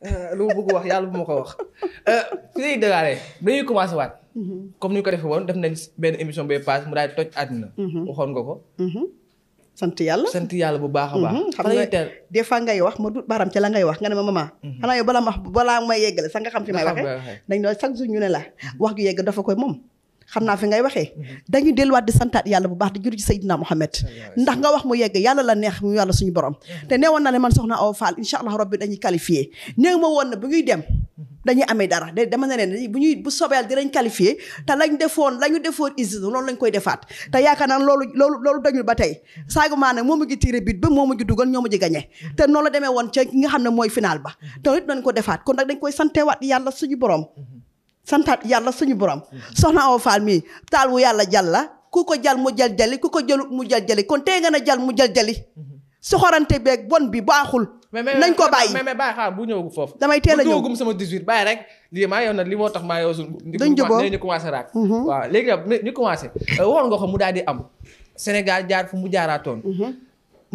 Euh, lu ma wax yàlla bu ma ko wax. Euh, fi ñuy dégaaree dañuy commencé waat. Mhm. comme ni ñu ko defee woon def nañ benn émission bay paas mu daal di toj àddina. Mhm. waxoon nga ko. Mhm. sant yàlla sant yàlla bu baax a baax. xam nga des fois ngay wax ma du baram ca la ngay wax nga ne ma maman. xanaa yow balaa ma balaa may yeggale sax nga xam fi may waxee. dañ doon chaque jour ñu ne la wax ju yegg dafa koy moom. xam naa fi ngay waxee dañuy delluwaat di santaat yàlla bu baax di juru ci Seydina Muhammad ndax nga wax mu yegg yàlla la neex mu yàlla suñu borom te neewoon na ne man soxna Awa Fall incha allah rabbi dañuy qualifié néew ma woon na bu ñuy dañuy amee dara de dama ne leen bu ñuy bu soobee yàlla dinañ qualifié te lañ defoon la ñu defoon is loolu lañ koy defaat te yaakaar naa loolu loolu loolu dañul ba tey saagu maa ne moo mujj tiré but ba moo mujj dugal ñoo mujj gagné te noonu la demee woon ca ki nga xam ne mooy final ba te it nañ ko defaat kon nag dañ koy santeewaat yàlla suñu borom santaat yàlla suñu borom soxna Awa Fall mii taal wu yàlla jàll la ku ko jal mu jal jali ku ko jëlut mu jal kon tey nga a jal mu jal jali soxorante beeg bon bi baaxul. nañ ko bàyyi mais mais bàyyi xaar bu ñëwagum foofu. damay teel a ñëw bu ñëwagum sama 18 rek lii maa yow nag li moo tax maa yow. dañ jubóo ñu commencé raak. Mhm. waaw léegi nag ñu commencé. Euh, waxoon nga ko mu daal di am Sénégal jaar fu mu jaaraatoon. Mhm.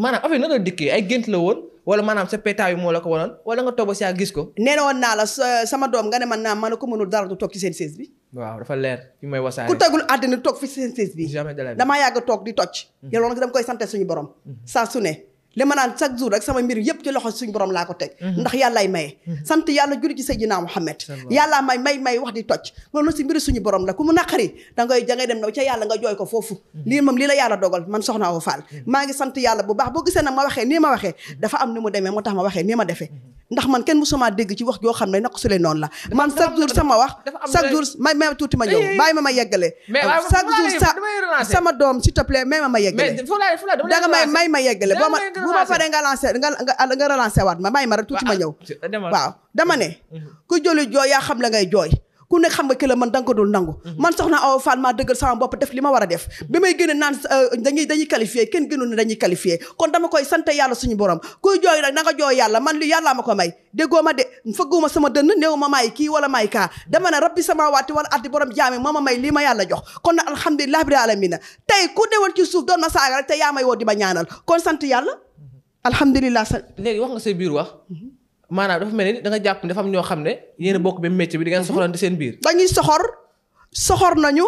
maanaam affaire yi nan la dikkee ay gént la woon. wala maanaam sa pétaayu moo la ko wanoon wala nga toog ba si ak gis ko. nee na woon naa la sama doom nga ne man naa ma a ko mënul dara du toog ci seen sées bi. waaw dafa leer fi may wasaare. ku tegul àddina toog fi seen sées bi. damaa yàgg toog di tocc. Mhm. yàlla loolu nag dama koy sant suñu borom. Mhm. saa su ne li ma naan chaque jour rek sama mbir yëpp ci loxo suñu borom laa ko teg mhm. ndax yàllaay maye mhm. sant yàlla juri ci Seydina Muhammad yàllaa may may may wax di toj loolu la ku mu naqari na ca mhm. ngi ma waxee nii ma waxee dafa am ni mu demee moo tax ma waxee ma defee ndax man kenn musuma dégg ci wax joo xam ne naq su leen la man chaque jour sama wax chaque jour may may tuuti ma ñëw bàyyi ma ma yeggalee chaque sama doom s'il te plaît may ma ma yeggalee da may may ma yeggale bu ma paree nga lancé nga nga relancé waat ma bàyyi ma rek tuuti ma ñëw waaw dama ne mhm. ku jëli jooy yaa xam la ngay jooy ku nekk xam nga ki man danga dul nangu mhm. man soxna Awa Fall maa dëggal sama bopp def li ma war a def mhm. bi may a naan euh, dañuy dañuy qualifié kenn gënu ne dañuy qualifié kon dama koy sant yàlla suñu borom kuy jooy nag na nga jooy yàlla man li yàllaa ma ko may déggoo ma de fëgguma sama dënn néew ma maay kii wala maay kaa dama ne rabbi sama waati wala addi borom jaami moo ma may lii ma yàlla jox kon nag alhamdulilah alamina tey ku newoon ci suuf doon ma saaga rek te yaa may woo di ma alhamdulilah sa. léegi wax nga say biir wax. maanaam dafa mel ni da nga jàpp ne dafa ñoo xam ne yéen a bokk benn métier bi di ngeen soxorante seen biir. dañuy soxor soxor nañu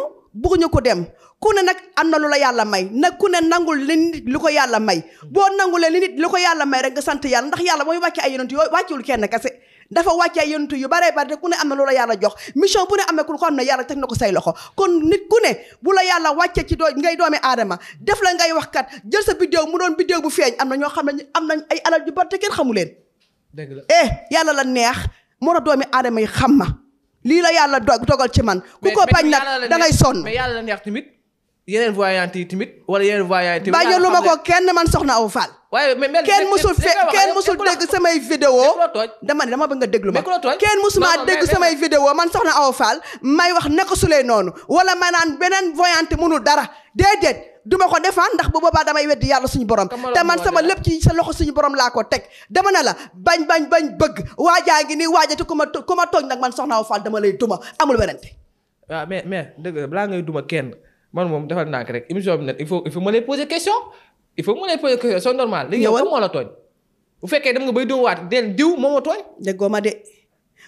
ñu ko dem ku ne nag am lu la yàlla may nag ku ne nangul li nit lu ko yàlla may boo nangulee li nit lu ko yàlla may rek nga sant yàlla ndax yàlla mooy wàcce ay yonent yooyu wàccewul kenn kese dafa wàcce ay yonent yu bare bare te ku ne am na loola yàlla jox mission bu ne am na ku ko xam ne yàlla teg na ko say loxo kon nit ku ne bu la yàlla wàcce ci doo ngay doomi aadama def la ngay wax kat jël sa vidéo mu doon vidéo bu feeñ am na ñoo xam ne am na ay alal ju bare te kenn xamu leen dëgg la eh, yàlla la neex moo tax doomi aadama yi xam ma lii la yàlla dogal ci man ku ko bañ nag da ngay sonn yàlla la neex yeneen voyante tamit wala yeneen voyante yi bàyyi lu ma ko kenn man soxna aw Fall waaye mais kenn musul fe kenn musul dégg samay vidéo dama ne dama ba nga déglu ma kenn musuma dégg samay vidéo man soxna Awa faal may wax naka sulee noonu wala ma naan beneen voyante mënul dara déedéet duma ko defaan ndax bu boobaa damay weddi yàlla suñu borom te man sama lépp ci sa loxo suñu borom laa ko teg dama ne la bañ bañ bañ bëgg waajaa ngi nii waajate ku ma ku ma tooñ nag man soxna Awa Fall dama lay duma amul werante waaw ah, mais mais dëgg balaa ngay duma kenn man moom defal naa ko rek émission bi nag il faut il faut il faut que mu lay poser question c'est normal. léegi yow kan bu fekkee dem nga bay waat de diw moo ma tooñ. déggoo ma de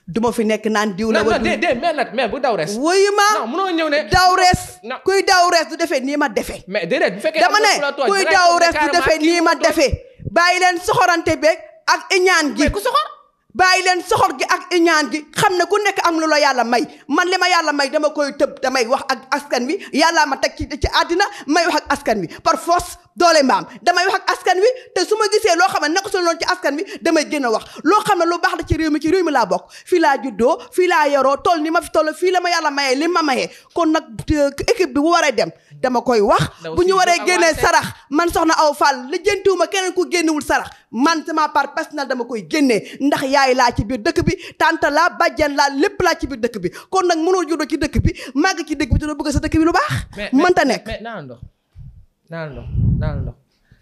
du ma fi nekk naan diw la. wala du non mais nag mais bu daw res. wuyu ma non munoo ñëw ne. daw res. na kuy daw res du defee nii ma defee. mais déedéet bu fekkee dama ne kuy daw res du defee nii ma defee. bàyyi leen soxorante beeg ak iñaan gi ku soxor. bàyyi leen soxor gi ak iñaan gi xam ne ku nekk am lu la yàlla may man li ma yàlla may dama koy tëb damay wax ak askan wi yàllaa ma teg ci ci àddina may wax ak askan wi par force doole mbaam damay ak askan wi te su ma gisee loo xam ne nekk suñu loon ci askan wi damay gën wax loo xam ne lu baax la ci réew mi ci réew mi laa bokk fii laa juddoo fii laa yoroo toll ni ma toll fii la ma yàlla mayee li ma mayee kon nag euh, équipe bi bu waree dem dama koy wax bu ñu waree génnee sarax man soxna aw Fall la jëntuwuma keneen ku génnewul sarax man sama part personnel dama koy génnee ndax yaay laa ci biir dëkk bi tante laa bàjjan laa lépp laa ci biir dëkk bi kon nag mënoo juddoo ci dëkk bi màgg ci dëkk bi te doo bëgg sa dëkk bi lu baax. mënta nekk naan ndox naan ndox naan ndox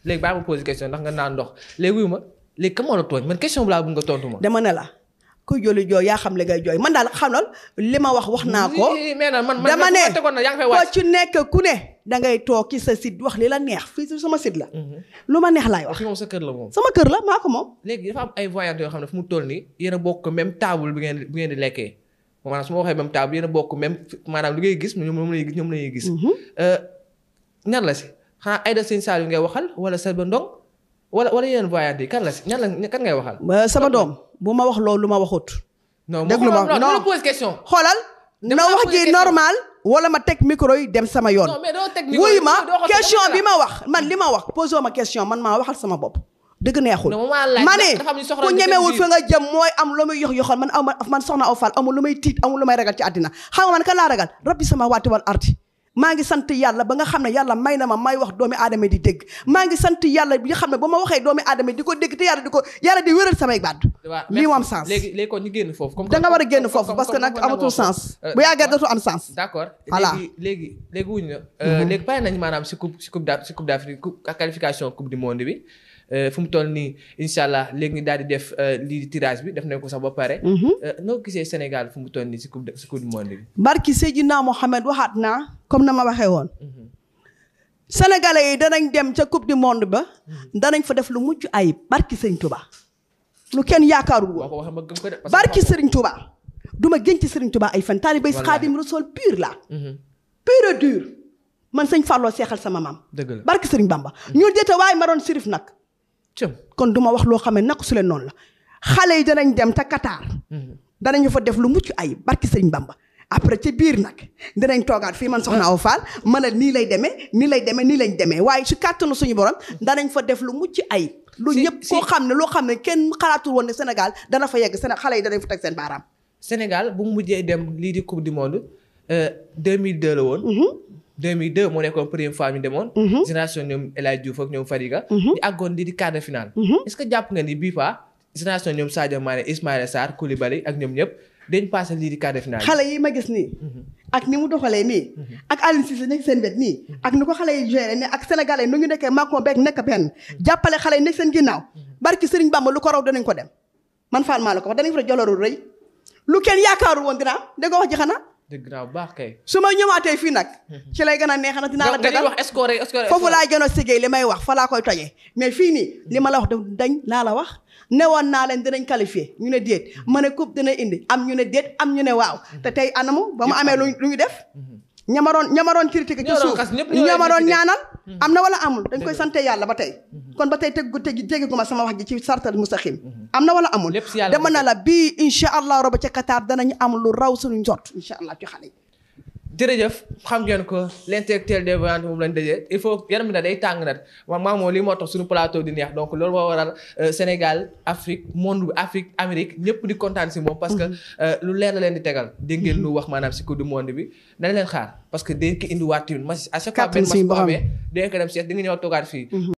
léegi baa ma pose question ndax nga naan ndox léegi wuyu ma léegi kan moo la tooñ man question bu laa bëgg nga tontu ma. dama ne la kuy joli jooy yaa xam li ngay jooy man daal xamal li ma wax wax naa ko. dama ne ko ci nekk ku ne. da ngay toog ki sa site wax li la neex fii ci sama sit la. Mhm. lu ma neex laay wax. moom sa kër la moom. sama kër la maa ko moom. léegi dafa ay voyante yoo xam ne fu mu toll nii yéen bokk même table bi bi ngeen di lekkee maanaam su ma waxee même table yéen bokk même maanaam lu ngay gis ñoom la ñuy gis ñoom la ñuy gis. Mhm. Euh, ñan la si xanaa Aida Sine Sall yu ngay waxal wala Selbé Ndom wala wala yeneen voyante yi kan la si ñan la kan ngay waxal. sama doom bu ma wax loolu lu ma waxut. non déglu ma non non question. xoolal na wax ji normal. wala ma teg micro yi dem sama yoon. mais doo teg micro yi wuy ma question bi ma wax man li ma wax posé ma question man maa waxal sama bopp. dëgg neexul ma ne ku ñemewul fi nga jëm mooy am lu muy yox yoxal man aw man soxna aw fal amul lu may tiit amul lu may ragal ci àddina xam nga man kan laa ragal rabbi sama waati wal arti maa ngi sant yàlla ba nga xam ne yàlla may na ma may wax doomi aadama di dégg maa ngi sant yàlla bi nga xam ne ba ma waxee doomi aadama di ko dégg te yàlla di ko yàlla di wéral samay baat lii mu am sens léegi léegi kon ñu génn foofu comme da nga war a génn foofu parce que nag amatul sens bu yàggee dootul am sens d'accord léegi léegi wuñ na euh, mhm. léegi pare nañ maanaam si coupe si coupe d'Afrique si coupe d'Afrique coupe du monde bi Euh, fu mu toll nii incha allah léegi daal di def euh, lii tirage bi def nañ ko sax ba pare. Mhm. Euh, noo gisee Sénégal fu mu toll nii si coupe si coupe du monde bi. barki Seydina Mohamed waxaat naa comme na ma waxee woon. Mhm. Sénégalais yi danañ dem ca coupe du monde ba. Mhm. danañ fa def lu mucc ay barki Serigne tubaa lu kenn yaakaarul woon barki Serigne Touba. du ma gën ci Serigne Touba ay fan. taalibay Xaadim Rasul pur la. pur et man sëñ Fallou seexal sama maam. dëgg la barki Serigne Bamba. ñu jëte waaye nag. kon du ma wax loo xam ne naq su leen noonu la xale yi danañ dem te Qatar. Mm-hmm. danañu fa def lu mucc ayib barki sëñ Bamba. après ci biir nag danañ toogaat fii man soxna aw Fall man ne nii lay demee nii lay demee nii lañ demee waaye si kàttanu suñu borom danañ fa def lu mucc ay lu ñëpp koo xam ne loo xam ne kenn xalaatul woon ne Sénégal dana fa yegg seen xale yi danañ fa teg seen baaraam. Sénégal bu mu mujjee dem lii di coupe du monde 2002 euh, la woon. Mm-hmm. 2002 moo nekkoon première fois ñu demoon. Mhm. génération ñoom El Hadj Diouf ak ñoom Fadiga. Mhm. ñu àggoon de finale. Mhm. est-ce que yi ma gis nii. ak ni mu doxalee nekk seen benn. jàppale xale yi nekk seen ginnaaw. barki Serigne Bamba lu ko raw danañ ko dem. man Fall maa la ko wax danañ fa jolorul rëy lu kenn yaakaarul woon dina dégg nga wax ji xanaa dëgg la baax kay. su ma ñëwaatee fii nag. ci lay gën a neex nag dinaa la. gën wax escoré escoré foofu laa gën a sigéey li may wax fa laa koy tojee mais fii nii li ma la wax dañ laa la wax. newoon naa leen dinañ qualifié ñu ne déet ma ne coupe dina indi am ñu ne déet am ñu ne waaw mm-hmm. te tey anamu ba mu amee lu ñu def. Mm-hmm. ñamaroon ñamaroon critique ci suuf ñamaroon ñaanal mm-hmm. am na wala amul dañ koy sante yàlla ba tey mm-hmm. kon ba tey teggu tegi jéggi ma sama wax ji ci sartal mustaqim mm-hmm. am na wala amul dama na la bii incha allah roba ca Qatar danañu am lu raw suñu njort incha allah ci xale yi jërëjëf xam ngeen ko l'intellectuel déviant moom lañ dajee il faut yaram bi na day tàng nag man maa moom lii moo tax suñu plateau di neex donc loolu moo waral euh, Sénégal Afrique monde bi Afrique Amérique ñëpp di kontaan si moom parce que mm-hmm. euh, lu leer la leen di tegal dégg ngeen lu wax maanaam si coupe du monde bi nañ leen xaar parce que dañ ko indiwaat tamit match chaque fois benn match boo amee ko dem seet di nga ñëw toogaat fii mm-hmm.